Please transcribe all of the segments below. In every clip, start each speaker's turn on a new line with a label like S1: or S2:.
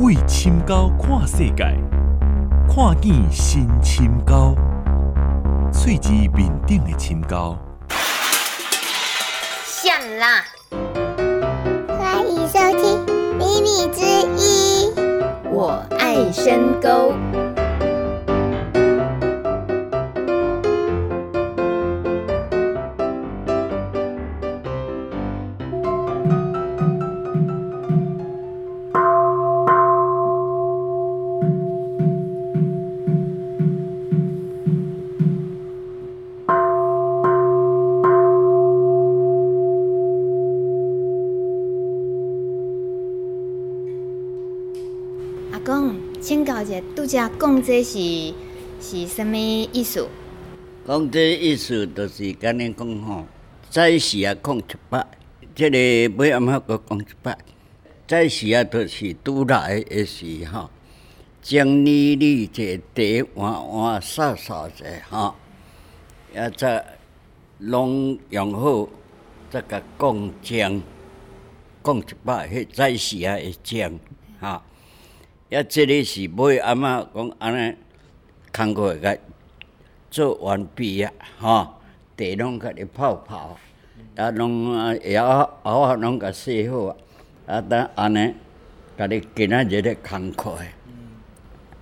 S1: 為深溝看世界，看見新深溝，嘴巴面頂的深
S2: 溝謝啦。了歡迎收聽《米米之音》，我愛深溝。講這是是什麼意思？
S3: 講這意思著是跟你講吼，在時啊，講、這個、一八，即個尾要蠻個講一八，在時啊，著是拄來誒時吼，將你你這得換換掃少者吼，啊則攏用好則甲講將，講一八迄在時啊，會將吼。一 這裡是每阿嬤講安尼，工課甲做完畢呀，吼，茶攏甲你泡泡，啊攏啊，窯啊，攏甲洗好，啊等安尼，甲你今仔日的工課，嗯、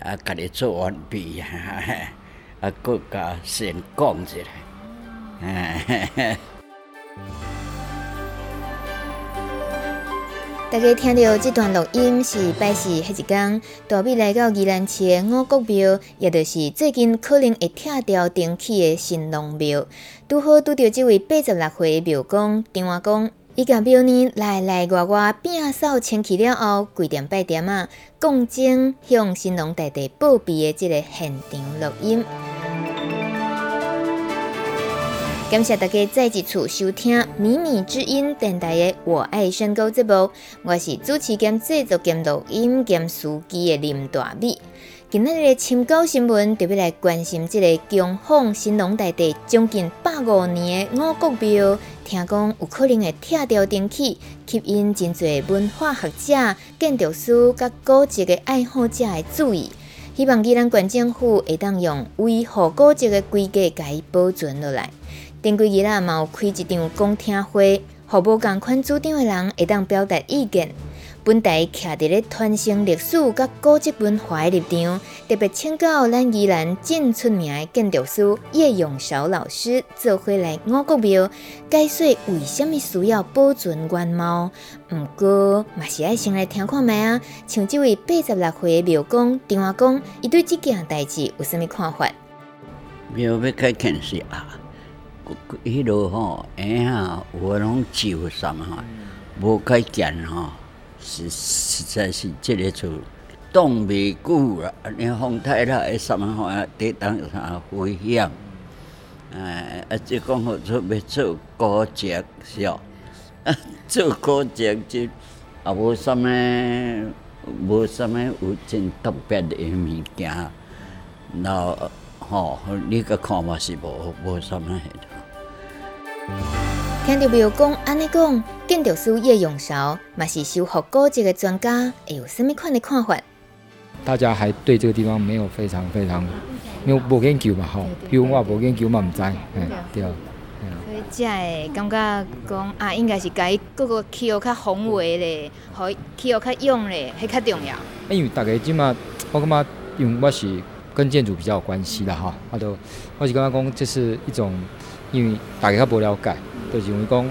S3: 啊甲你做完畢呀，啊閣甲先講一下，啊
S2: 大家聽到這段錄音，是拜四黑一天大別來到宜蘭市五穀廟，也就是最近可能會拆掉騰起的神農廟，剛好拄到這位八十六歲廟公張阿公，伊甲廟內來來外外摒掃清氣了後跪點拜點啊，恭敬向神農大帝報備的這個現場錄音。感謝大家再一次收聽《米米之音》電台的《我愛深溝》節目。我是主持兼制作兼錄音兼司機的林大米。今日的《深溝新聞就要來關心這個江鳳神龍大地將近百五年的五穀廟，聽講有可能會拆掉電器，吸引真儕文化學者、建築師甲古蹟的愛好者個注意。希望宜蘭縣政府會當用符合古蹟的規格，加以保存落來。前幾日啊，嘛有開一場公聽會，好多共款主張的人會當表達意見。本台徛佇咧傳承歷史、甲古蹟文化嘅立場，特別請到咱宜蘭正出名嘅建築師葉永韶老師做伙來五穀廟，解釋為蝦米需要保存原貌。唔過，嘛是愛先來聽看賣啊，像這位八十六歲嘅廟公、張阿公，伊對這件代誌有蝦米看法？
S3: 廟要開電視迄路吼，哎呀，我攏舊三吼，無開建吼，實實在是即個厝擋袂久啦。安尼風太大，三下抵擋有危險。哎，啊，即講好做，袂做高腳是哦，做高腳即阿無什物，無什物有真特別的物件。然後吼，你閣看嘛，是無，無什麼。
S2: 聽到沒有說？講安尼講，建築師葉永韶，也是修復過跡個專家，會有甚麼款的看法？
S4: 大家還對這個地方沒有非常非常，因為無研究嘛吼，對對對對，我有話無研究嘛唔知，對對對、嗯，對。嗯，
S2: 所以只係感覺講啊，應該是改各個氣候較宏偉的，或氣候較用的係較重要。
S4: 因為大家即嘛，我感覺用或是跟建築比較有關係的哈，我都我是感覺講，這是一種。因為大家不瞭解，就是、因為說，誒，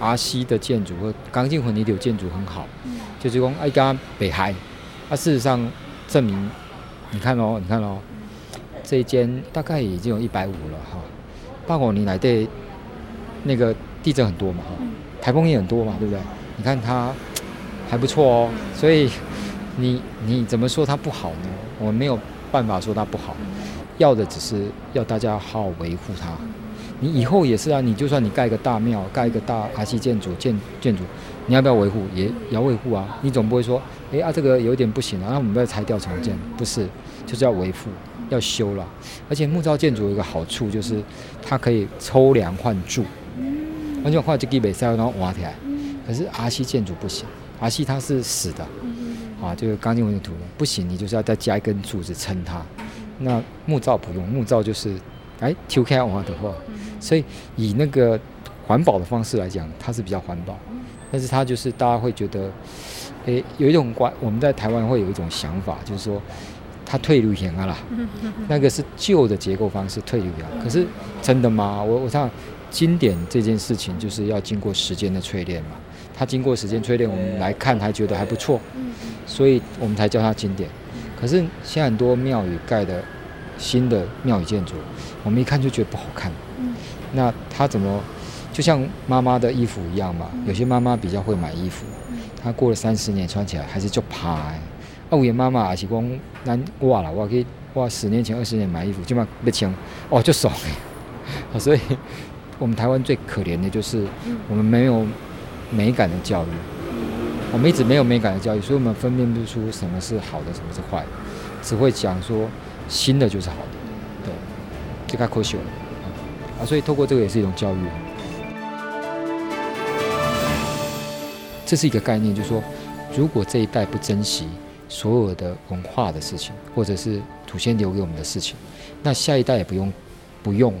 S4: 阿西的建築剛進和鋼筋混凝土建築很好，嗯、就是說，誒剛北海，啊，啊事實上證明，你看咯，哦，你看咯，哦，這一間大概已經有一百五了，哈，包括你來的那個地震很多嘛，嗯、台風也很多嘛，對不對？你看它還不錯哦，所以你你怎麼說它不好呢？我沒有辦法說它不好，要的只是要大家好好維護它。嗯你以後也是啊，你就算你蓋一個大廟，蓋一個大阿西建築建建築，你要不要維護也？也要維護啊！你總不會說，誒啊，這個有點不行了，啊，那我們不要拆掉重建？不是，就是要維護，要修了。而且木造建築有一個好處，就是它可以抽梁換柱，那就這換說，就給北然後挖起來。可是阿西建築不行，阿西它是死的，啊，就是鋼筋混凝土，不行，你就是要再加一根柱子撐它。那木造不用，木造就是。哎，丟開的話，所以以那個環保的方式來講，它是比較環保，但是它就是大家會覺得，哎，有一種關，我們在台灣會有一種想法，就是說它退流行啊啦，那個是舊的結構方式退流行，可是真的嗎？我我想經典這件事情，就是要經過時間的淬煉嘛，它經過時間淬煉，我們來看還覺得還不錯，所以我們才叫它經典，可是現在很多廟宇蓋的。新的廟宇建築，我們一看就覺得不好看。嗯、那他怎麼，就像媽媽的衣服一樣嘛？有些媽媽比較會買衣服，她、嗯、過了三十年穿起來還是就怕。啊，有些媽媽也是講，咱我了。我去，我十年前，二十年買衣服，就買不起哦，就爽。了 所以我們台灣最可憐的就是，我們沒有美感的教育，我們一直沒有美感的教育，所以我們分辨不出什麼是好的，什麼是壞的，只會講說，新的就是好的，對，這個可笑了、嗯、啊！所以透過這個也是一種教育。這是一個概念，就是說，如果這一代不珍惜所有的文化的事情，或者是祖先留給我們的事情，那下一代也不用不用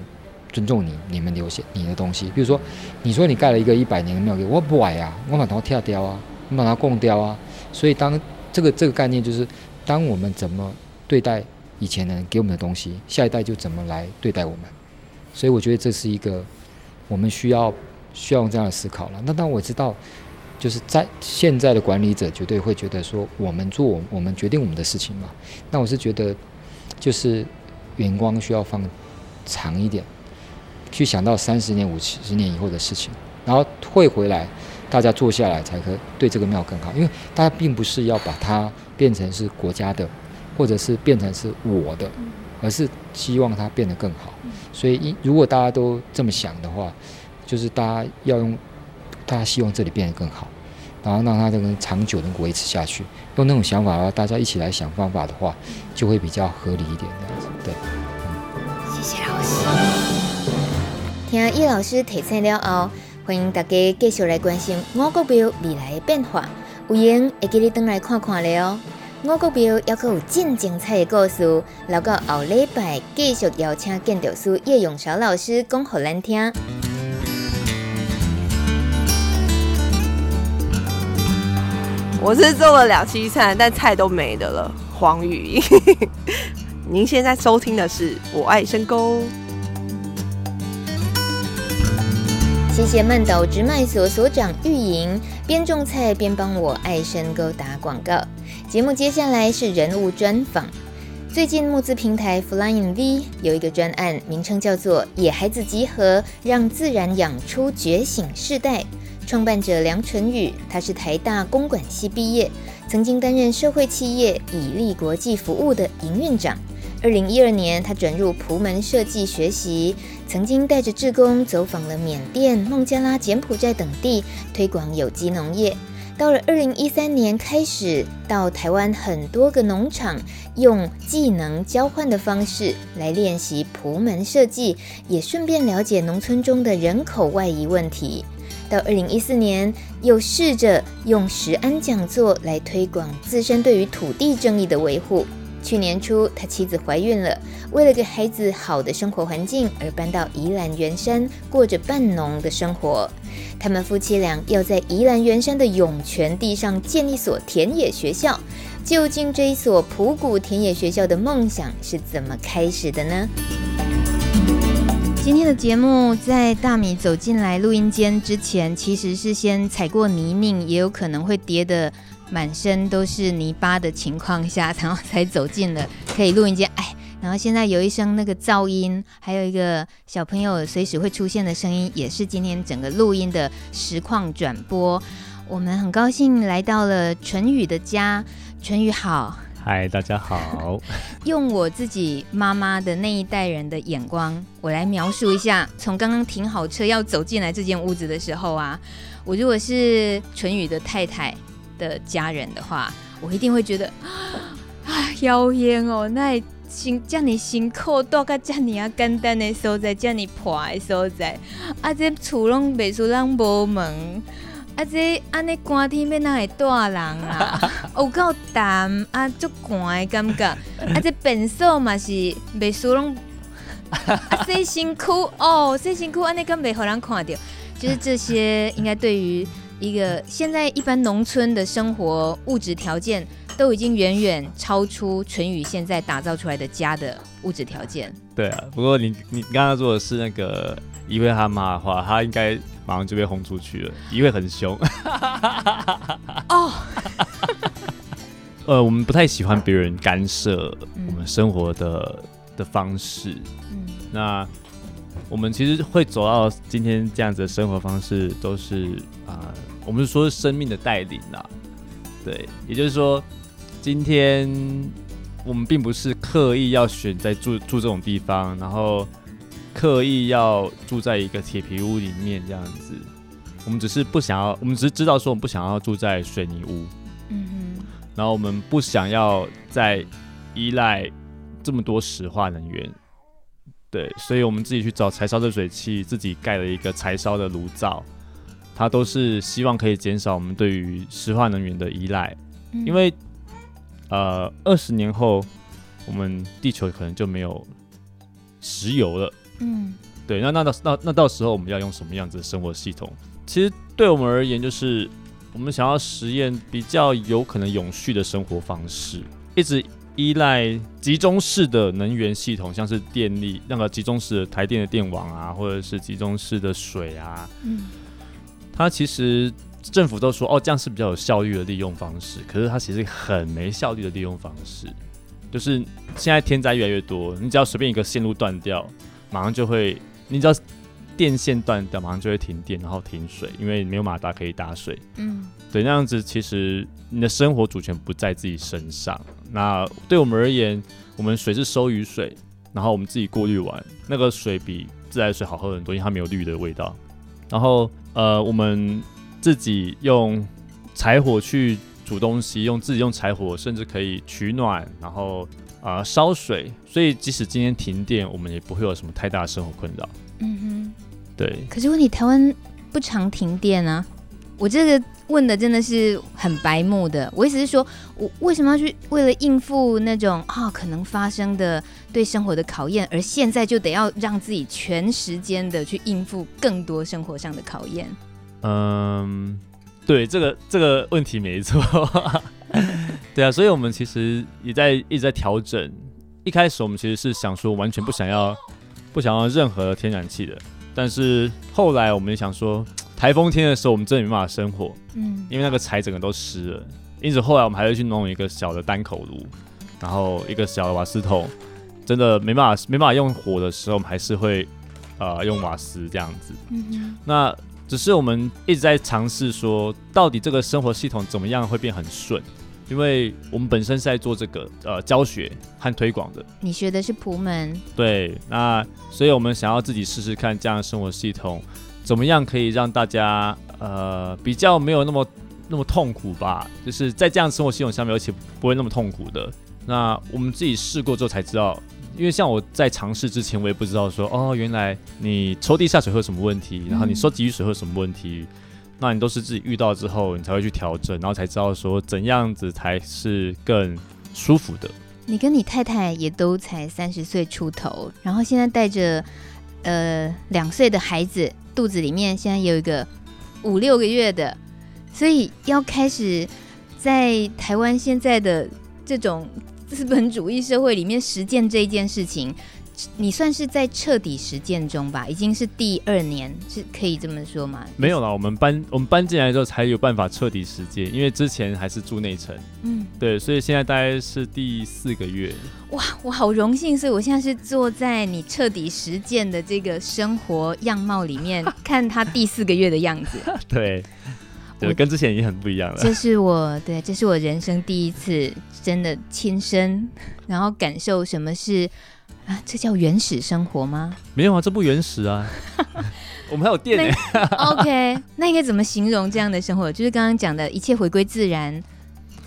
S4: 尊重你你們留下你的東西。比如說，你說你蓋了一個一百年的廟，給我不愛啊，我把它跳掉啊，我把它供掉啊。所以當這個這個概念就是，當我們怎麼對待。以前人給我們的東西，下一代就怎麼來對待我們，所以我覺得這是一個我們需要需要用這樣的思考了。那當我知道，就是在現在的管理者絕對會覺得說，我們做我們決定我們的事情嘛。那我是覺得，就是眼光需要放長一點，去想到三十年、五十年以後的事情，然後退回來，大家坐下來，才可對這個廟更好。因為大家並不是要把它變成是國家的。或者是變成是我的，而是希望它變得更好。所以，如果大家都這麼想的話，就是大家要用，大家希望這裡變得更好，然後讓它能長久能維持下去。用那種想法，大家一起來想方法的話，就會比較合理一點。這樣子，對。謝謝老師。
S2: 聽葉老師提出了後、哦，歡迎大家繼續來關心五穀廟未來的變化。有緣會記得登來看看了哦。五穀廟要拆有真精彩的故事，留到後禮拜繼續邀請建築師葉永韶老師講予咱聽。我是做了兩期菜，但菜都沒的了，荒蕪。 您現在收聽的是《我愛深溝》，謝謝慢島直賣所所長玉瑩邊種菜邊幫我愛深溝打廣告。節目接下來是人物專訪。最近募資平台 Flying V 有一個專案，名稱叫做《野孩子集合》，讓自然養出覺醒世代。創辦者梁淳禹，他是台大公管系畢業，曾經擔任社會企業以立國際服務的營運長。二零一二年，他轉入樸門設計學習，曾經帶着志工走訪了緬甸、孟加拉、柬埔寨等地，推廣有機農業。到了二零一三年開始，到台灣很多個農場用技能交換的方式來練習樸門設計，也順便了解農村中的人口外移問題。到二零一四年，又試着用實安講座來推廣自身對於土地正義的維護。去年初，他妻子懷孕了，為了給孩子好的生活環境，而搬到宜蘭員山，過着半農的生活。他們夫妻倆要在宜蘭員山的湧泉地上建一所田野學校。究竟這一所樸谷田野學校的夢想是怎麼開始的呢？今天的節目在大米走進來錄音間之前，其實是先踩過泥濘，也有可能會跌的。滿身都是泥巴的情況下，然後才走進了可以錄音間。哎，然後現在有一聲那個噪音，還有一個小朋友隨時會出現的聲音，也是今天整個錄音的實況轉播。我們很高興來到了淳禹的家。淳禹，好，
S1: 嗨，大家好。
S2: 用我自己媽媽的那一代人的眼光，我來描述一下：從剛剛停好車要走進來這間屋子的時候啊，我如果是淳禹的太太。的家人的話，我一定會覺得啊，妖豔哦，那心叫你辛苦，住概叫你要簡單的所在，叫你破的所在，啊，這厝攏袂輸讓無門，啊，這安尼寒天要哪會住人啊？ 有夠淡啊，就寒的感覺， 啊，這民宿嘛是袂輸讓， 啊，這辛苦哦，這辛苦，安尼根本好人看到， 就是這些，應該對於。一個現在一般農村的生活物質條件都已經遠遠超出淳禹現在打造出來的家的物質條件。
S1: 對啊，不過你你剛剛說的是那個一位他媽的話，他應該馬上就被轟出去了。一位很凶。哦。 Oh. 呃，我們不太喜歡別人干涉我們生活的、嗯、的方式。嗯。那我們其實會走到今天這樣子的生活方式，都是啊。呃我們說是說生命的帶領啦、啊，對，也就是說，今天我們並不是刻意要選在住住這種地方，然後刻意要住在一個鐵皮屋裡面這樣子，我們只是不想要，我們只是知道說我們不想要住在水泥屋，嗯嗯哼，然後我們不想要再依賴這麼多石化能源，對，所以我們自己去找柴燒熱水器，自己蓋了一個柴燒的爐灶。它都是希望可以減少我們對於石化能源的依賴，嗯、因為，呃，二十年後，我們地球可能就沒有石油了。嗯，對，那那到那那到時候我們要用什麼樣子的生活系統？其實對我們而言，就是我們想要實驗比較有可能永續的生活方式，一直依賴集中式的能源系統，像是電力，那個集中式的台電的電網啊，或者是集中式的水啊。嗯。它其實政府都說哦，這樣是比較有效率的利用方式，可是它其實很沒效率的利用方式。就是現在天災越來越多，你只要隨便一個線路斷掉，馬上就會，你只要電線斷掉，馬上就會停電，然後停水，因為沒有馬達可以打水。嗯，對，那樣子其實你的生活主權不在自己身上。那對我們而言，我們水是收雨水，然後我們自己過濾完，那個水比自來水好喝很多，因為它沒有氯的味道。然後，呃，我們自己用柴火去煮東西，用自己用柴火，甚至可以取暖，然後啊、呃、燒水。所以，即使今天停電，我們也不會有什麼太大的生活困擾。嗯
S2: 哼，對。可是問題，台灣不常停電啊。我這個問的真的是很白目的，我意思是說，我為什麼要去為了應付那種啊、哦、可能發生的對生活的考驗，而現在就得要讓自己全時間的去應付更多生活上的考驗？
S1: 嗯，對，這個這個問題沒錯， 對啊，所以我們其實也在一直在調整。一開始我們其實是想說完全不想要不想要任何天然氣的，但是後來我們也想說。台風天的時候，我們真的沒辦法生火，嗯，因為那個柴整個都濕了。因此後來我們還會去弄一個小的單口爐，然後一個小的瓦斯桶，真的沒辦法沒辦法用火的時候，我們還是會，呃，用瓦斯這樣子。嗯哼。那只是我們一直在嘗試說，到底這個生活系統怎麼樣會變很順，因為我們本身是在做這個呃教學和推廣的。
S2: 你學的是樸門。
S1: 對，那所以我們想要自己試試看這樣的生活系統。怎麼樣可以讓大家呃比較沒有那麼那麼痛苦吧？就是在這樣的生活系統下面，而且不會那麼痛苦的。那我們自己試過之後才知道，因為像我在嘗試之前，我也不知道說哦，原來你抽地下水會有什麼問題，然後你收集雨水會有什麼問題，嗯、那你都是自己遇到之後，你才會去調整，然後才知道說怎樣子才是更舒服的。
S2: 你跟你太太也都才三十歲出頭，然後現在帶着。呃，兩歲的孩子，肚子裡面現在有一個五六個月的，所以要開始在台灣現在的這種資本主義社會裡面實踐這一件事情。你算是在徹底實踐中吧？已經是第二年，是可以這麼說嗎？沒
S1: 有啦，我們搬我們搬進來之後才有辦法徹底實踐，因為之前還是住內城，嗯，對，所以現在大概是第四個月。
S2: 哇，我好榮幸，所以我現在是坐在你徹底實踐的這個生活樣貌裡面， 看他第四個月的樣子。
S1: 對，我跟之前已經很不一樣了。這是
S2: 我對，這是我人生第一次真的親身，然後感受什麼是。啊，這叫原始生活嗎？
S1: 沒有啊，這不原始啊。 我
S2: 們還有電耶、欸。那 OK，那應該怎麼形容這樣的生活？就是剛剛講的一切回歸自然，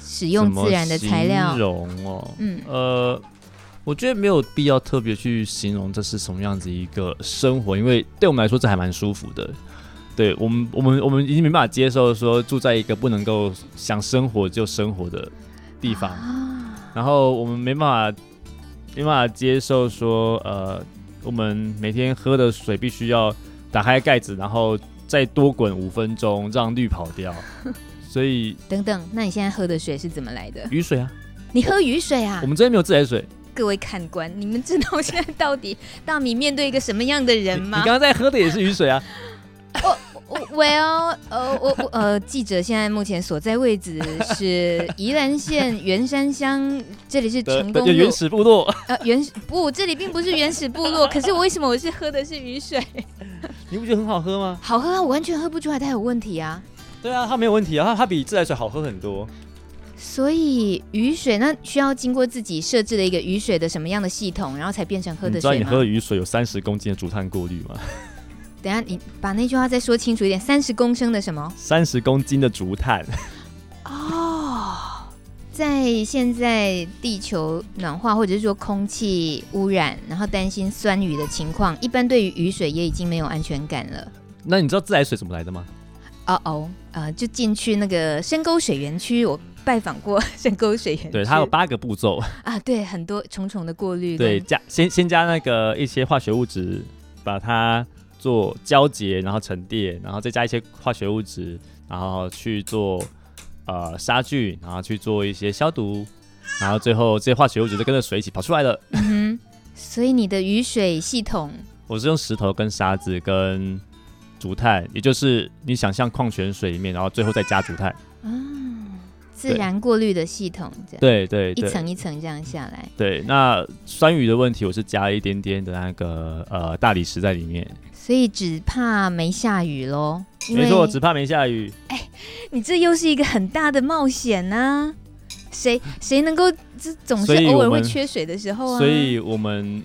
S2: 使用自然的材料。
S1: 容哦，嗯，呃，我覺得沒有必要特別去形容這是什麼樣子一個生活，因為對我們來說這還蠻舒服的。對我們，我們，我們已經沒辦法接受說住在一個不能夠想生活就生活的地方，啊、然後我們沒辦法。沒辦法接受說，呃，我們每天喝的水必須要打開蓋子，然後再多滾五分鐘，讓氯跑掉。所以
S2: 等等，那你現在喝的水是怎麼來的？雨水啊！你喝雨水啊！我
S1: 們這邊沒有自來水。
S2: 各位看官，你們知道我現在到底大米面對一個什麼樣的人嗎？ 你？你剛剛在
S1: 喝的也是雨水啊。
S2: 我、 oh, Well，呃，我我呃，記者現在目前所在位置是宜蘭縣員山鄉， 這裡是成功的。的原始部落。呃，原始不，這裡並不是原始部落。 可是我為什麼我是喝的是雨水？
S1: 你不覺得很好喝嗎？
S2: 好喝啊，我完全喝不出來，它有問題啊。
S1: 對啊，它沒有問題啊，它它比自來水好喝很多。
S2: 所以雨水那需要經過自己設置的一個雨水的什麼樣的系統，然後才變成喝的水。你知道你喝的雨
S1: 水有三十公斤的竹炭過濾嗎？
S2: 等一下，你把那句話再說清楚一點。三十公升的什麼？
S1: 三十公斤的竹炭。哦
S2: ，oh, 在現在地球暖化或者是說空氣污染，然後擔心酸雨的情況，一般對於雨水也已經沒有安全感了。
S1: 那你知道自來水怎麼來的嗎？
S2: 哦哦、uh，oh, 呃，就進去那個深溝水源區，我拜訪過深溝水源。對，它有
S1: 八個步驟
S2: 啊。對，很多重重的過濾。對，
S1: 加先先加那個一些化學物質，把它。做膠結，然後沉澱，然後再加一些化學物質，然後去做呃殺菌，然後去做一些消毒，然後最後這些化學物質就跟着水一起跑出來了。
S4: 嗯，
S2: 所以你的雨水系統？
S1: 我是用石頭跟沙子跟竹炭，也就是你想象礦泉水裡面，然後最後再加竹炭。
S2: 哦，自然過濾的系統。對對，對對，一層一層這樣下來。
S1: 對，那酸雨的問題，我是加了一點點的那個呃大理石在裡面。
S2: 所以只怕沒下雨嘍，因為，沒錯，我只
S1: 怕沒下雨。哎、
S2: 欸，你這又是一個很大的冒險吶、啊！誰誰能夠這總是偶爾會缺水的時候啊？所以
S1: 我們，所以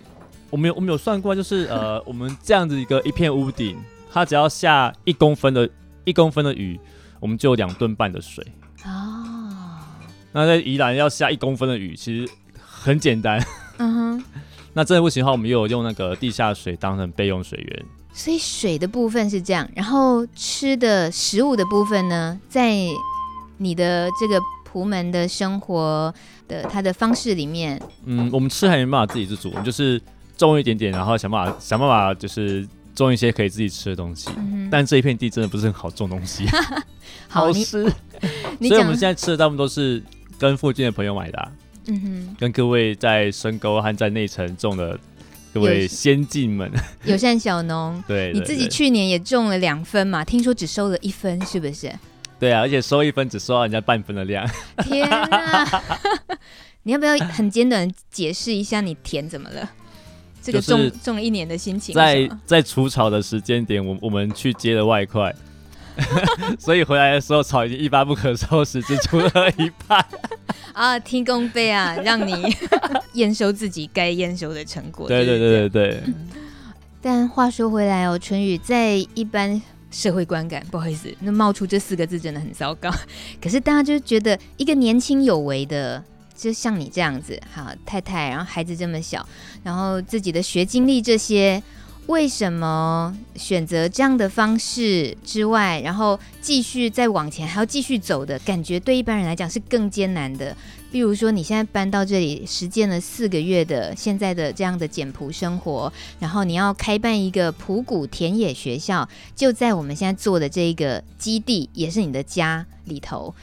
S1: 我們，我們有我們有算過，就是呃，我們這樣子一個 一片屋頂，它只要下一公分的一公分的雨，我們就有兩噸半的水啊。哦、那在宜蘭要下一公分的雨其實很簡單。嗯
S3: 哼，
S1: 那真的不行的話，我們又有用那個地下水當成備用水源。
S2: 所以水的部分是這樣，然後吃的食物的部分呢，在你的這個樸門的生活的它的方式裡面，
S1: 嗯，我們吃還沒辦法自給自足，我們就是種一點點，然後想辦法想辦法就是種一些可以自己吃的東西。嗯、哼但這一片地真的不是很好種東西，
S2: 好吃。好濕所以我們
S1: 現在吃的大部分都是跟附近的朋友買的，啊，嗯哼，跟各位在深溝和在內城種的。對，先進們有，友善小農， 對，對，對，你自己去
S2: 年也中了兩分嘛，聽說只收了一分，是不是？
S1: 對啊，而且收一分只收到人家半分的量。
S2: 天啊！ 你要不要很簡短解釋一下你田怎麼了？這個種種了一年的心情，在
S1: 在除草的時間點，我我們去接了外快。 所以回來的時候，草已經一發不可收拾，只出了一半。
S2: 啊，天公伯啊，讓你驗 收自己該驗收的成果。對對對對
S1: 對,對,對,對、嗯。
S2: 但話說回來哦，淳禹在一般社會觀感，不好意思，那冒出這四個字真的很糟糕。可是大家就覺得，一個年輕有為的，就像你這樣子，好太太，然後孩子這麼小，然後自己的學經歷這些。為什麼選擇這樣的方式之外，然後繼續再往前還要繼續走的感覺，對一般人來講是更艱難的。比如說，你現在搬到這裡實踐了四個月的現在的這樣的簡樸生活，然後你要開辦一個樸谷田野學校，就在我們現在做的這個基地，也是你的家裡頭。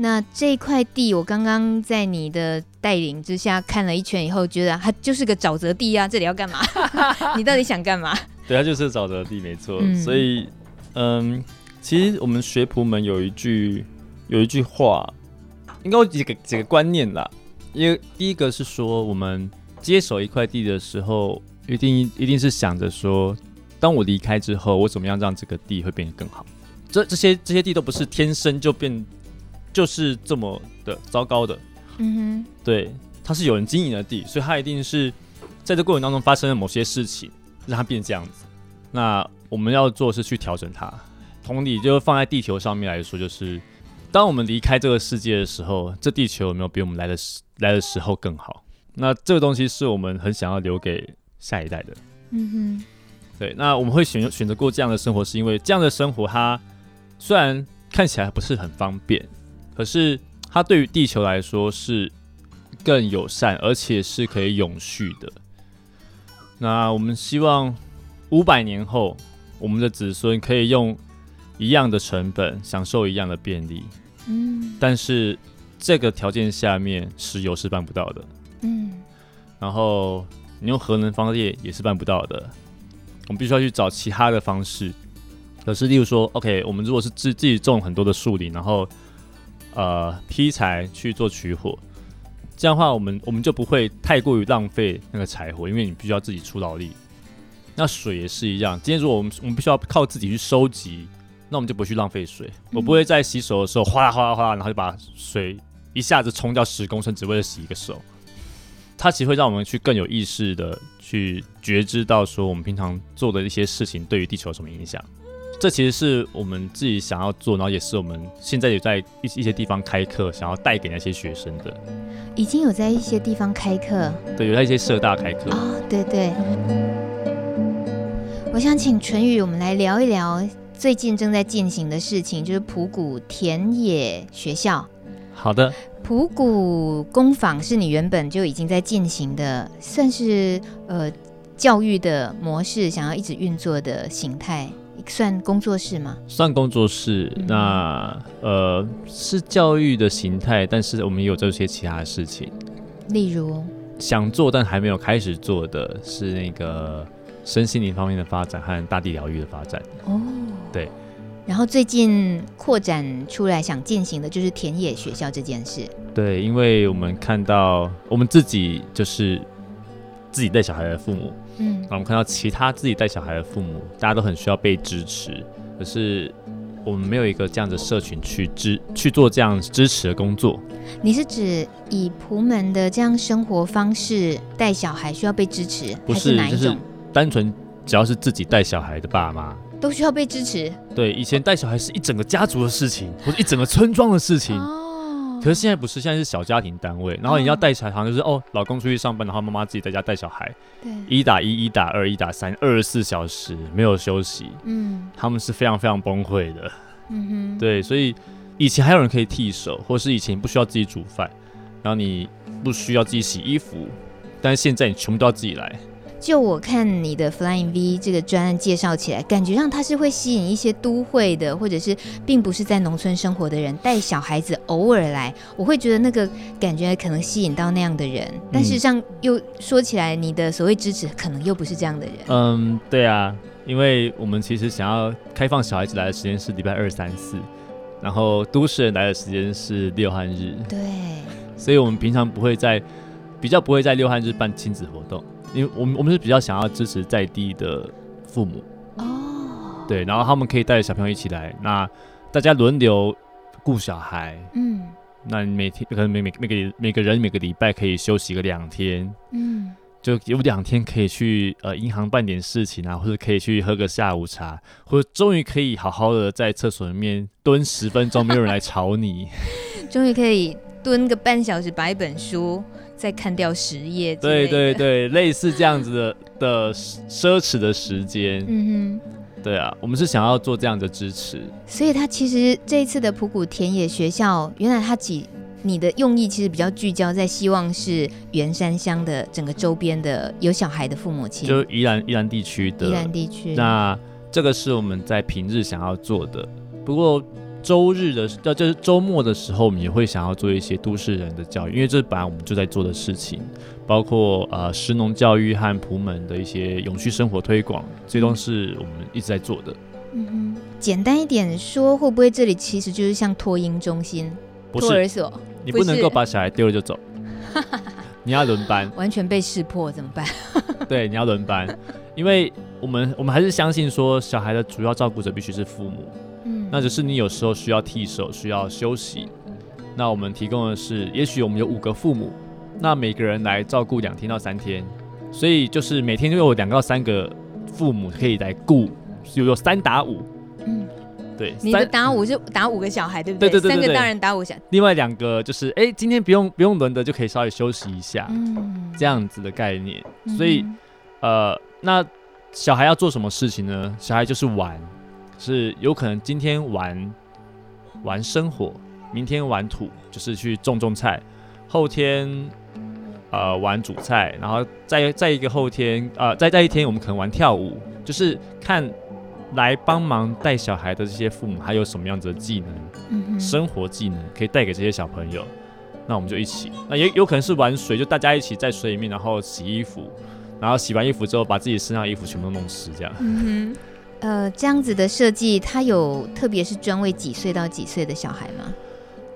S2: 那這塊地，我剛剛在你的帶領之下看了一圈以後，覺得它就是個沼澤地啊！這裡要幹嘛？ 你到底想幹嘛？
S1: 對，它就是沼澤地，沒錯。嗯、所以，嗯，其實我們學徒們有一句，有一句話，應該有幾個幾個觀念啦。因為第一個是說，我們接手一塊地的時候，一定一定是想着說，當我離開之後，我怎麼樣讓這個地會變得更好？這這些這些地都不是天生就變。就是這麼的糟糕的，嗯哼，對，它是有人經營的地，所以它一定是在這過程當中發生了某些事情，讓它變這樣子。那我們要做的是去調整它。同理，就是放在地球上面來說，就是當我們離開這個世界的時候，這地球有沒有比我們來的時來的時候更好？那這個東西是我們很想要留給下一代的，嗯哼，對。那我們會選擇選擇過這樣的生活，是因為這樣的生活它雖然看起來不是很方便。可是它對於地球來說是更友善，而且是可以永續的。那我們希望五百年後，我們的子孫可以用一樣的成本享受一樣的便利。嗯。但是這個條件下面，石油是辦不到的。嗯。然後你用核能發電也是辦不到的。我們必須要去找其他的方式。可是，例如說，OK，我們如果是自己自己種很多的樹林，然後呃，劈柴去做取火，這樣的話我們我們就不會太過於浪費那個柴火，因為你必須要自己出勞力。那水也是一樣，今天如果我們我們必須要靠自己去收集，那我們就不去浪費水。我不會在洗手的時候嘩啦嘩啦嘩啦，然後就把水一下子沖掉十公升，只為了洗一個手。它其實會讓我們去更有意識的去覺知到說，我們平常做的一些事情對於地球有什麼影響。這其實是我們自己想要做，然後也是我們現在有在一一些地方開課，想要帶給那些學生的。
S2: 已經有在一些地方開課，
S1: 對，有在一些社大開課、哦、
S2: 對對。嗯、我想請淳禹，我們來聊一聊最近正在進行的事情，就是樸谷田野學校。好的。樸谷工坊是你原本就已經在進行的，算是呃教育的模式，想要一直運作的形態。算工作室嗎？
S1: 算工作室，那、嗯、呃是教育的形態，但是我們也有做些其他的事情，
S2: 例如
S1: 想做但還沒有開始做的是那個身心靈方面的發展和大地療癒的發展。哦，對。
S2: 然後最近擴展出來想進行的就是田野學校這件事。
S1: 對，因為我們看到我們自己就是。自己帶小孩的父母，嗯，我們看到其他自己帶小孩的父母，大家都很需要被支持，可是我們沒有一個這樣的社群去支去做這樣支持的工作。
S2: 你是指以樸門的這樣生活方式帶小孩需要被支持，不是就是,是
S1: 單純只要是自己帶小孩的爸媽
S2: 都需要被支持。
S1: 對，以前帶小孩是一整個家族的事情，哦、或是一整個村莊的事情。哦可是現在不是，現在是小家庭單位，然後你要帶小孩，哦、好像就是哦，老公出去上班，然後媽媽自己在家帶小孩，對，一打一，一打二，一打三，二十四小時沒有休息，嗯，他們是非常非常崩潰的，嗯嗯哼。對，所以以前還有人可以替手，或是以前不需要自己煮飯，然後你不需要自己洗衣服，但是現在你全部都要自己來。
S2: 就我看你的 Flying V 這個專案介紹起來，感覺上它是會吸引一些都會的，或者是並不是在農村生活的人帶小孩子偶爾來，我會覺得那個感覺可能吸引到那樣的人。但事實上又說起來，你的所謂支持可能又不是這樣的人。
S1: 嗯，對啊，因為我們其實想要開放小孩子來的時間是禮拜二、三、四，然後都市人來的時間是六和日。對，所以我們平常不會在比較不會在六和日辦親子活動。因為我們我們是比較想要支持在地的父母哦，對，然後他們可以帶着小朋友一起來，那大家輪流顧小孩，嗯，那你每天可能每每每個每個人每個禮拜可以休息個兩天，嗯，就有兩天可以去呃銀行辦點事情啊，或者可以去喝個下午茶，或者終於可以好好的在廁所裡面蹲十分鐘， 沒有人來吵你，
S2: 終於可以蹲個半小時擺一本書，再看掉實業，對對
S1: 對， 類似這樣子的的奢侈的時間，嗯哼，對啊，我們是想要做這樣的支持。
S2: 所以他其實這一次的樸谷田野學校，原來他幾你的用意其實比較聚焦在希望是員山鄉的整個周邊的有小孩的父母親，就
S1: 宜蘭宜蘭地區的宜蘭地區。那這個是我們在平日想要做的，不過，周日的，就是周末的時候，我們也會想要做一些都市人的教育，因為這是本來我們就在做的事情，包括呃，食農教育和樸門的一些永續生活推廣，這都、嗯、是我們一直在做的。嗯，
S2: 簡單一點說，會不會這裡其實就是像托嬰中心？
S1: 不是托兒所？不
S2: 是。你不能夠把
S1: 小孩丟了就走， 你要輪班。
S2: 完全被識破怎麼辦？
S1: 對，你要輪班，因為我們我們還是相信說，小孩的主要照顧者必須是父母。那就是你有時候需要替手，需要休息。嗯、那我們提供的是，也許我們有五個父母，那每個人來照顧兩天到三天，所以就是每天就有兩到三個父母可以來顧，有有三打五。嗯，對。你的打
S2: 五就打五個小孩，對不對？對對，三個大人打五下。
S1: 另外兩個就是，哎、欸，今天不用不用輪的，就可以稍微休息一下，嗯、這樣子的概念。所以，嗯、呃，那小孩要做什麼事情呢？小孩就是玩。是有可能今天玩玩生火，明天玩土，就是去種種菜，後天呃玩煮菜，然後再再一個後天呃再再一天我們可能玩跳舞，就是看來幫忙帶小孩的這些父母還有什麼樣子的技能，嗯、哼生活技能可以帶給這些小朋友，那我們就一起，那也有，有可能是玩水，就大家一起在水裡面，然後洗衣服，然後洗完衣服之後把自己身上衣服全部都弄濕這樣。
S2: 嗯呃，這樣子的設計，它有特別是專為幾歲到幾歲的小孩嗎？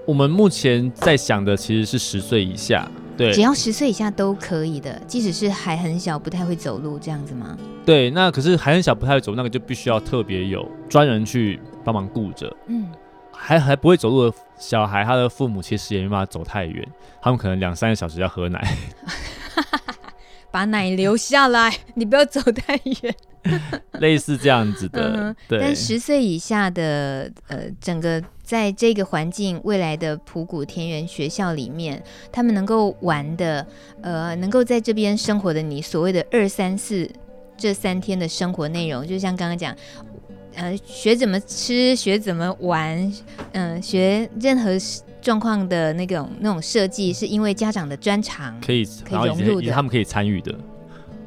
S1: 我們目前在想的其實是十歲以下，對，只要
S2: 十歲以下都可以的，即使是還很小不太會走路這樣子嗎？
S1: 對，那可是還很小不太會走路，那個就必須要特別有專人去幫忙顧着，嗯，還還不會走路的小孩，他的父母其實也沒辦法走太遠，他們可能兩三個小時要喝奶。
S2: 把奶留下來，你不要走太遠。
S1: 類似這樣子的，嗯、哼對。但十
S2: 歲以下的，呃，整個在這個環境未來的樸谷田園學校裡面，他們能夠玩的，呃，能夠在這邊生活的你所謂的二三四這三天的生活內容，就像剛剛講，呃，學怎麼吃，學怎麼玩，嗯、呃，學任何事。狀況的那種那種設計，是因為家長的專長可以，
S1: 可以然後也他們可以參與的。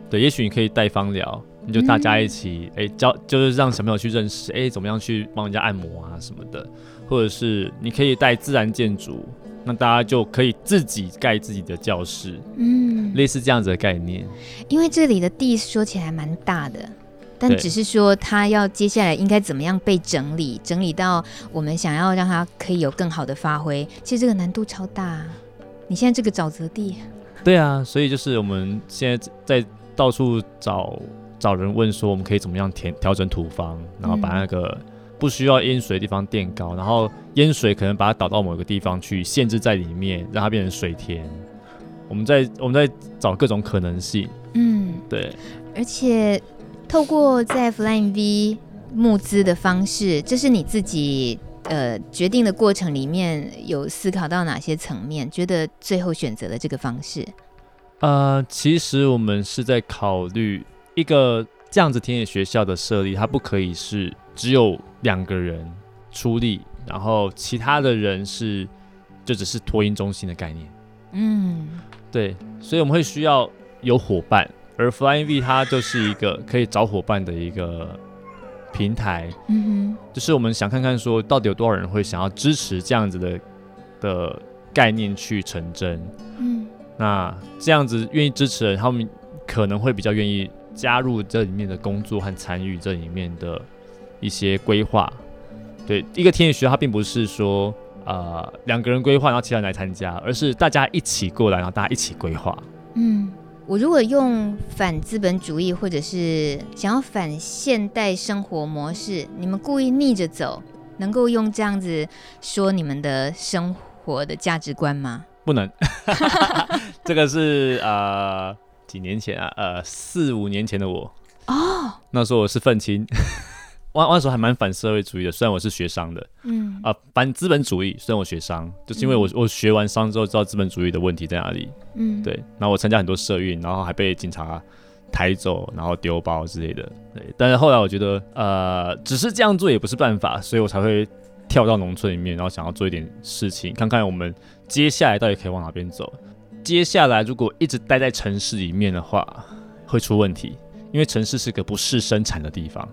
S1: 對，也許你可以帶芳療，你就大家一起哎、嗯欸、教，就是讓小朋友去認識哎、欸、怎麼樣去幫人家按摩啊什麼的，或者是你可以帶自然建築，那大家就可以自己蓋自己的教室，嗯，類似這樣子的概念。
S2: 因為這裡的地說起來蠻大的。但只是說他要接下來應該怎麼樣被整理，對整理到我們想要讓他可以有更好的發揮，其實這個難度超大啊。你現在這個沼澤地。
S1: 對啊，所以就是我們現在在到處找找人問說，我們可以怎麼樣填調整土方，然後把那個不需要淹水的地方墊高，嗯，然後淹水可能把它導到某個地方去，限制在裡面，讓它變成水田。我們在我們在找各種可能性。嗯，對，
S2: 而且。透過在 Flying V 募資的方式，這是你自己呃決定的過程裡面有思考到哪些層面？覺得最後選擇了這個方式？
S1: 呃，其實我們是在考慮一個這樣子田野學校的設立，它不可以是只有兩個人出力，然後其他的人是就只是托嬰中心的概念。嗯，對，所以我們會需要有夥伴。而 Flying V 它就是一個可以找伙伴的一個平台，嗯哼，就是我們想看看說，到底有多少人會想要支持這樣子的的概念去成真，嗯，那這樣子願意支持的人，他們可能會比較願意加入這裡面的工作和參與這裡面的一些規劃。對，一個田野學校它並不是說，呃，兩個人規劃然後其他人來參加，而是大家一起過來，然後大家一起規劃，嗯。
S2: 我如果用反資本主義，或者是想要反現代生活模式，你們故意逆着走，能夠用這樣子說你們的生活的價值觀嗎？
S1: 不能， 這個是呃幾年前啊，呃四五年前的我哦，oh. 那時候我是憤青。 我那時候還蠻反社會主義的，雖然我是學商的，嗯，啊、呃，反資本主義，雖然我學商，就是因為我、嗯、我學完商之後知道資本主義的問題在哪裡，嗯，對，然後我參加很多社運，然後還被警察抬走，然後丟包之類的，對。但是後來我覺得，呃，只是這樣做也不是辦法，所以我才會跳到農村裡面，然後想要做一點事情，看看我們接下來到底可以往哪邊走。接下來如果一直待在城市裡面的話，會出問題，因為城市是個不事生產的地方。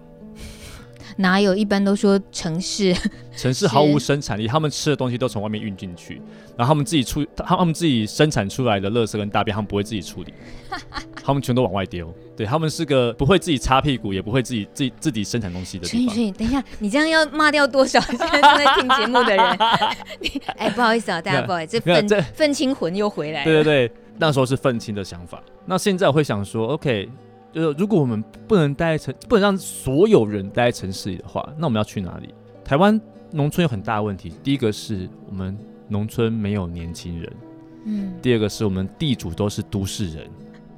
S2: 哪有？一般都說城市，城市毫無生
S1: 產力。是他們吃的東西都從外面運進去，然後他們自己出他，他們自己生產出來的垃圾跟大便，他們不會自己處理， 他們全都往外丟。對，他們是個不會自己擦屁股，也不會自己自己自己生產東西的。人。
S2: 以可以，等一下，你這樣要罵掉多少現在正在聽節目的人？ 哎，不好意思啊，大家不好意思，有這憤憤青魂又回來了。對
S1: 對對，那時候是憤青的想法。那現在我會想說，OK。就是如果我們不能待在城，不能讓所有人待在城市裡的話，那我們要去哪裡？台灣農村有很大的問題。第一個是我們農村沒有年輕人，嗯。第二個是我們地主都是都市人，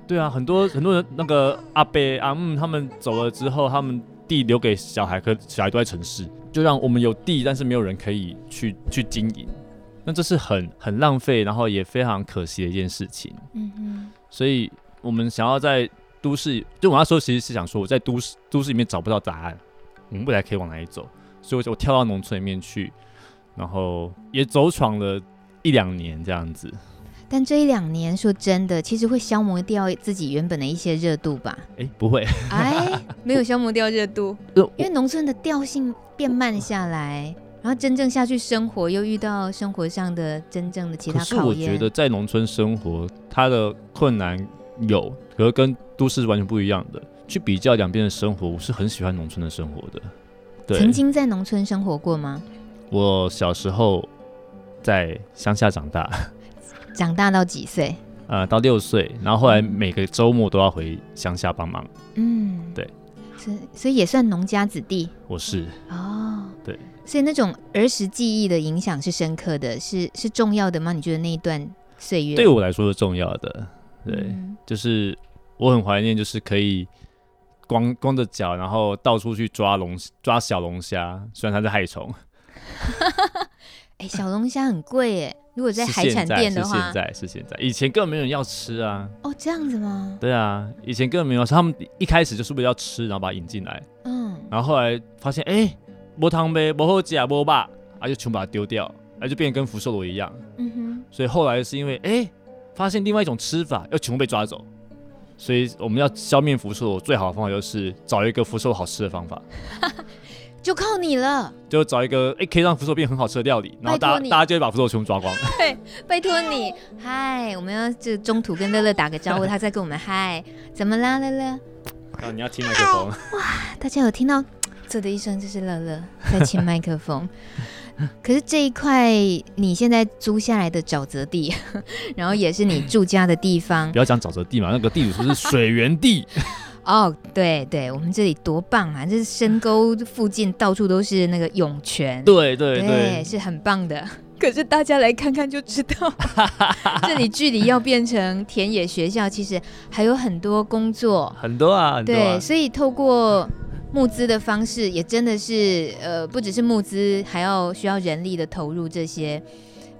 S1: 對啊，很多很多人那個阿伯阿姆，啊，嗯，他們走了之後，他們地留給小孩，和小孩都在城市，就讓我們有地，但是沒有人可以去去經營，那這是很很浪費，然後也非常可惜的一件事情。嗯嗯哼。所以我們想要在。都市，就我那時候其實是想說我在都市都市裡面找不到答案，我們未來可以往哪裡走？所以，我我跳到農村裡面去，然後也走闖了一兩年這樣子。
S2: 但這一兩年，說真的，其實會消磨掉自己原本的一些熱度吧？哎、欸，不會，哎唉， 沒有消磨掉熱度，我因為農村的調性變慢下來，我然後真正下去生活，又遇到生活上的真正的其他考驗。可是我覺得
S1: 在農村生活，它的困難。有，可是跟都市是完全不一樣的。去比較兩邊的生活，我是很喜歡農村的生活的。對，曾
S2: 經在農村生活過嗎？
S1: 我小時候在鄉下長大，
S2: 長大到幾歲？
S1: 呃，到六歲，然後後來每個週末都要回鄉下幫忙。嗯，對，
S2: 所以所以也算農家子弟。
S1: 我是。
S2: 哦，對，所以那種兒時記憶的影響是深刻的，是是重要的嗎？你覺得那一段歲月？對我
S1: 來說是重要的。對，嗯、就是我很懷念，就是可以光光着腳，然後到處去抓龍抓小龍蝦，雖然它是害蟲。
S2: 哎、 欸，小龍蝦很貴耶，如果在海產店的話。是現在是現
S1: 在，是現在，以前根本沒有人要吃啊。
S2: 哦，這樣子嗎？
S1: 對啊，以前根本沒有人，他們一開始就是為了要吃，然後把它引進來。嗯。然後後來發現，哎、欸，摸湯唄，摸好雞啊，煲吧，啊就全部把它丟掉，啊就變得跟福壽螺一樣。嗯哼。所以後來是因為，哎、欸。發現另外一種吃法，又全部被抓走，所以我們要消滅福壽最好的方法，就是找一個福壽好吃的方法，
S2: 就靠你了。
S1: 就找一個哎、欸、可以讓福壽變很好吃的料理，然後大家大家就會把福壽全部抓光。
S2: 對，拜託你。嗨， 我們要就中途跟樂樂打個招呼， 他再跟我們嗨，怎麼啦，樂樂？
S1: 啊，你要聽麥克風。唉
S2: 哇，大家有聽到嘖的一聲，就是樂樂在親麥克風。 可是這一塊你現在租下來的沼澤地呵呵，然後也是你住家的地方，嗯。不
S1: 要講沼澤地嘛，那個地主是水源地。
S2: 哦，對對，我們這裡多棒啊！這深溝附近到處都是那個湧泉。對對對，對，是很棒的。可是大家來看看就知道， 這裡距離要變成田野學校， 其實還有很多工作。
S1: 很多啊，很多啊。對，所
S2: 以透過。募資的方式也真的是，呃，不只是募資，還要需要人力的投入這些。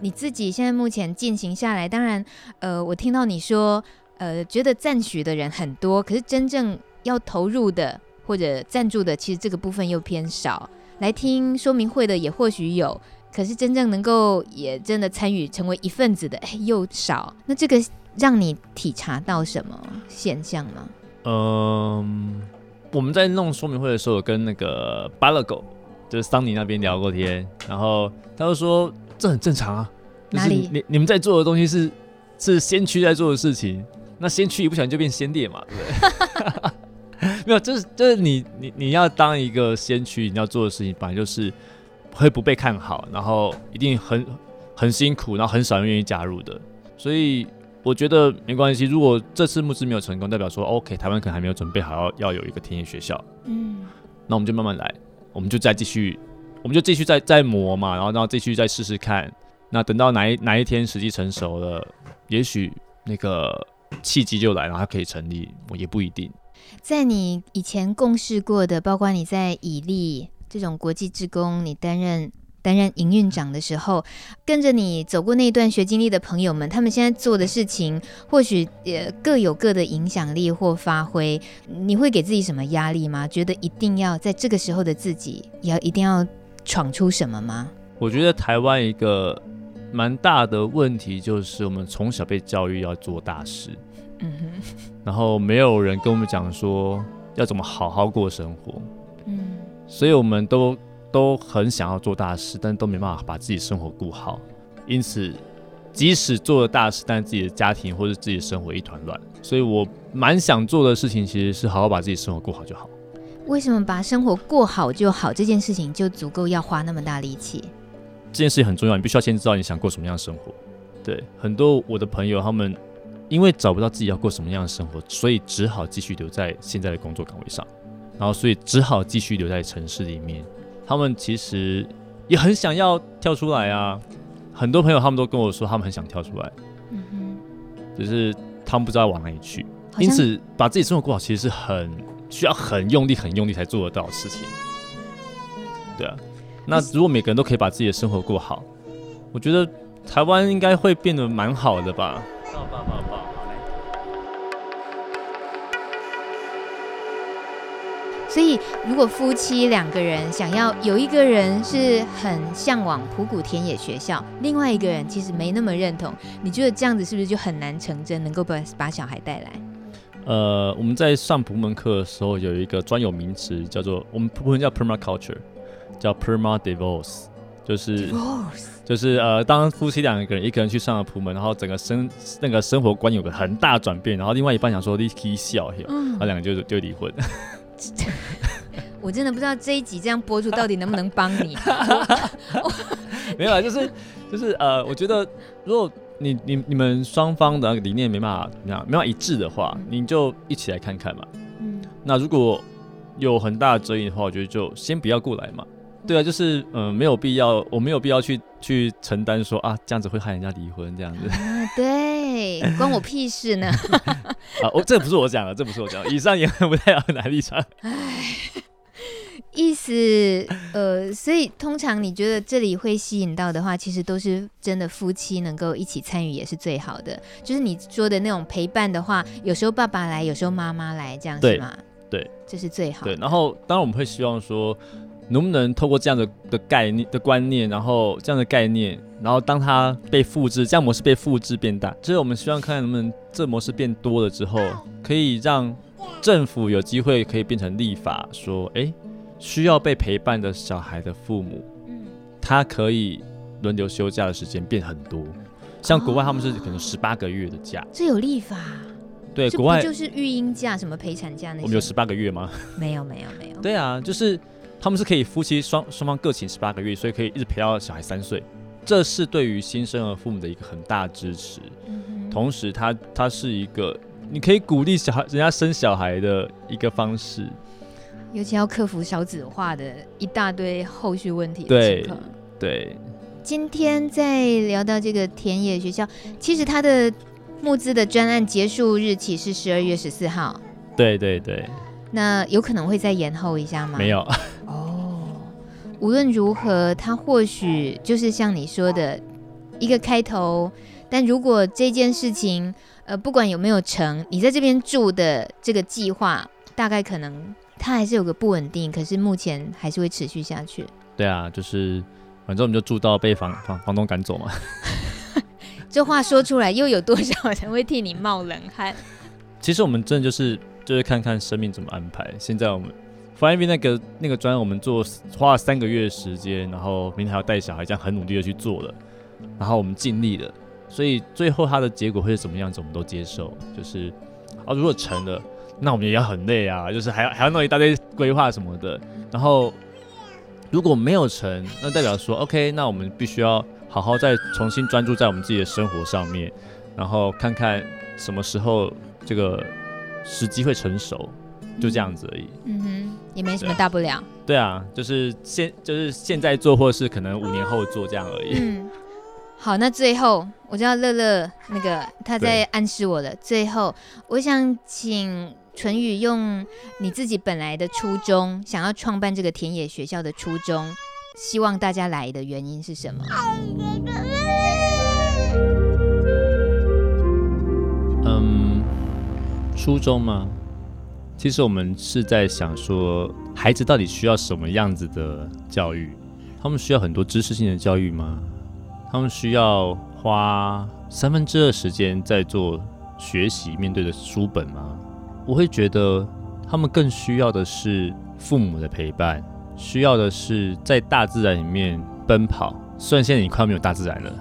S2: 你自己現在目前進行下來，當然，呃，我聽到你說，呃，覺得讚許的人很多，可是真正要投入的或者贊助的，其實這個部分又偏少。來聽說明會的也或許有，可是真正能夠也真的參與成為一份子的，欸，又少。那這個讓你體察到什麼現象嗎？嗯、
S1: um。我們在弄說明會的時候，跟那個 Balago 就是桑尼那邊聊過天，然後他就說，這很正常啊，哪裡？就是你你們在做的東西是是先驅在做的事情，那先驅一不小心就變先烈嘛，對不對？ 沒有，就是就是你你你要當一個先驅，你要做的事情本來就是會不被看好，然後一定很很辛苦，然後很少人願意加入的，所以。我覺得沒關係，如果這次募資沒有成功，代表說 OK，台灣可能還沒有準備好要要有一個田野學校，嗯，那我們就慢慢來，我們就再繼續，我們就繼續再再磨嘛，然後然後繼續再試試看，那等到哪一哪一天時機成熟了，也許那個契機就來了，然後它可以成立，我也不一定。
S2: 在你以前共事過的，包括你在以立這種國際志工，你擔任。擔任營運長的時候，跟着你走過那一段學經歷的朋友們，他們現在做的事情，或許也、呃、各有各的影響力或發揮。你會給自己什麼壓力嗎？覺得一定要在這個時候的自己，也要一定要闖出什麼嗎？
S1: 我覺得台灣一個蠻大的問題就是，我們從小被教育要做大事，嗯哼，然後沒有人跟我們講說要怎麼好好過生活，嗯，所以我們都。都很想要做大事，但都沒辦法把自己生活過好。因此，即使做了大事，但自己的家庭或是自己的生活一團亂。所以我蠻想做的事情，其實是好好把自己生活過好就好。
S2: 為什麼把生活過好就好這件事情就足夠要花那麼大力氣？
S1: 這件事情很重要，你必須要先知道你想過什麼樣的生活。對，很多我的朋友他們因為找不到自己要過什麼樣的生活，所以只好繼續留在現在的工作崗位上，然後所以只好繼續留在城市裡面。他們其實也很想要跳出來啊，很多朋友他們都跟我說，他們很想跳出來，嗯
S3: 哼
S1: 只是他們不知道往哪裡去，像因此把自己生活過好，其實是很需要很用力、很用力才做得到的事情，對啊，那如果每個人都可以把自己的生活過好，我覺得台灣應該會變得蠻好的吧。跑跑跑跑
S2: 所以，如果夫妻兩個人想要有一個人是很嚮往樸谷田野學校，另外一個人其實沒那麼認同，你覺得這樣子是不是就很難成真，能夠把把小孩帶來？
S1: 呃，我們在上樸門課的時候有一個專有名詞叫做我們樸門叫 permaculture，叫 perma divorce，就是 divorce 就是呃，當夫妻兩個人一個人去上了樸門，然後整個生那個生活觀有個很大轉變，然後另外一半想說你太小孩，嗯，那兩個就就離婚。
S2: 我真的不知道這一集這樣播出到底能不能幫你。
S1: 沒有啊，就是就是呃，我覺得如果你你你們雙方的那個理念沒辦法，沒辦法一致的話，嗯、你就一起來看看嘛。嗯。那如果有很大的爭議的話，我覺得就先不要過來嘛。對啊，就是嗯，沒有必要，我沒有必要去去承擔說啊，這樣子會害人家離婚這樣子。啊，
S2: 對，關我屁事呢？
S1: 啊，我、哦、這不是我講的，這不是我講的，以上言論不代表哪裡說。哎，
S2: 意思呃，所以通常你覺得這裡會吸引到的話，其實都是真的夫妻能夠一起參與也是最好的，就是你說的那種陪伴的話，有時候爸爸來，有時候媽媽來，這樣
S1: 子嘛。對，
S2: 這是最好
S1: 的。對，然後當然我們會希望說。能不能透過這樣的的概念，的觀念，然後這樣的概念，然後當它被複製，這樣模式被複製變大，所以我們希望看看能不能這模式變多了之後，可以讓政府有機會可以變成立法，說，哎，需要被陪伴的小孩的父母，嗯，他可以輪流休假的時間變很多，像國外他們是可能十八個月的假，
S2: 這有立法？
S1: 對，國外這就是
S2: 育嬰假、什麼陪產假那些。我們有十八個月嗎？沒有，沒有，沒
S1: 有。對啊，就是。他們是可以夫妻雙雙方各請十八個月，所以可以一直陪到小孩三歲。這是對於新生兒父母的一個很大的支持。
S2: 嗯、哼同
S1: 時他，它它是一個你可以鼓勵小孩人家生小孩的一個方式，
S2: 尤其要克服少子化的一大堆後續問題。對。對對，今天在聊到這個田野學校，其實它的募資的專案結束日期是十二月十四號。
S1: 對對
S2: 對。那有可能會再延後一下嗎？沒有。哦，無論如何，他或許就是像你說的，一個開頭。但如果這件事情，呃，不管有沒有成，你在這邊住的這個計劃，大概可能他還是有個不穩定，可是目前還是會持續下去。
S1: 對啊，就是反正我們就住到被房房房東趕走嘛。
S2: 這話說出來，又有多少人會替你冒冷汗？
S1: 其實我們真的就是。就是看看生命怎麼安排。現在我們 f l y 那個那個專，我們做花了三個月的時間，然後明天還要帶小孩，這樣很努力的去做了，然後我們盡力了，所以最後它的結果會是什麼樣子，我們都接受。就是啊，如果成了，那我們也要很累啊，就是還要還要弄一大堆規劃什麼的。然後如果沒有成，那代表說 OK，那我們必須要好好再重新專注在我們自己的生活上面，然後看看什麼時候這個。時機會成熟，就這樣子而已。嗯，嗯
S2: 哼，也沒什麼大不了。對，
S1: 對啊，就是現就是現在做，或是可能五年後做這樣而已。嗯，
S2: 好，那最後我叫樂樂，那個他在暗示我了。對最後，我想請淳禹用你自己本來的初衷，想要創辦這個田野學校的初衷，希望大家來的原因是什麼？嗯
S1: 初衷嗎？其實我們是在想說，孩子到底需要什麼樣子的教育？他們需要很多知識性的教育嗎？他們需要花三分之二時間在做學習面對的書本嗎？我會覺得他們更需要的是父母的陪伴，需要的是在大自然裡面奔跑。雖然現在已經快沒有大自然了，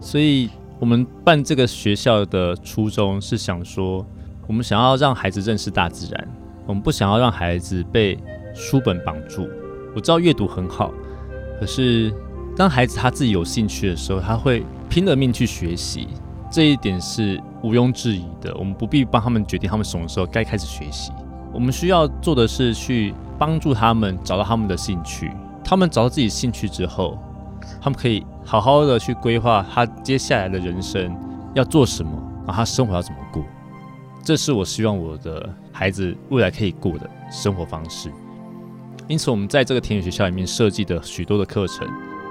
S1: 所以我們辦這個學校的初衷是想說，我們想要讓孩子認識大自然，我們不想要讓孩子被書本綁住。我知道閱讀很好，可是當孩子他自己有興趣的時候，他會拼了命去學習，這一點是毋庸置疑的。我們不必幫他們決定他們什麼時候該開始學習。我們需要做的是去幫助他們找到他們的興趣。他們找到自己興趣之後，他們可以好好的去規劃他接下來的人生要做什麼，然後他生活要怎麼過。這是我希望我的孩子未來可以過的生活方式，因此我們在這個田野學校裡面設計的許多的課程，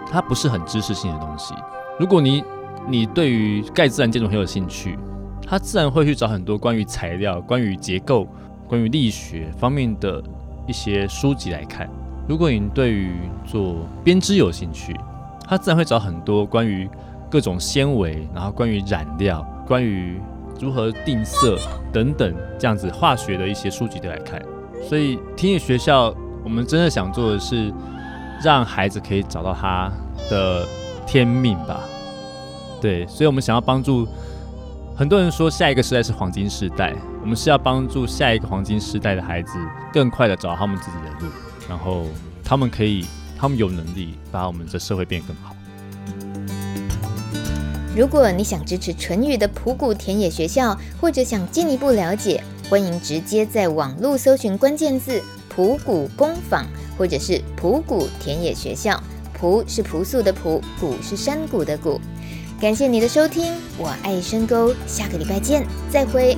S1: 它不是很知識性的東西。如果你你對於蓋自然建築很有興趣，他自然會去找很多關於材料、關於結構、關於力學方面的一些書籍來看。如果你對於做編織有興趣，他自然會找很多關於各種纖維，然後關於染料、關於。如何定色等等，這樣子化學的一些書籍都來看。所以田野學校，我們真的想做的是，讓孩子可以找到他的天命吧。對，所以我們想要幫助很多人說，下一個時代是黃金時代，我們是要幫助下一個黃金時代的孩子，更快地找到他們自己的路，然後他們可以，他們有能力把我們的社會變得更好。
S2: 如果你想支持淳禹的樸谷田野學校，或者想進一步了解，歡迎直接在網絡搜尋關鍵字“樸谷工坊”或者是“樸谷田野學校”。樸是樸素的樸，谷是山谷的谷。感謝你的收聽，我愛深溝，下個禮拜見，再會。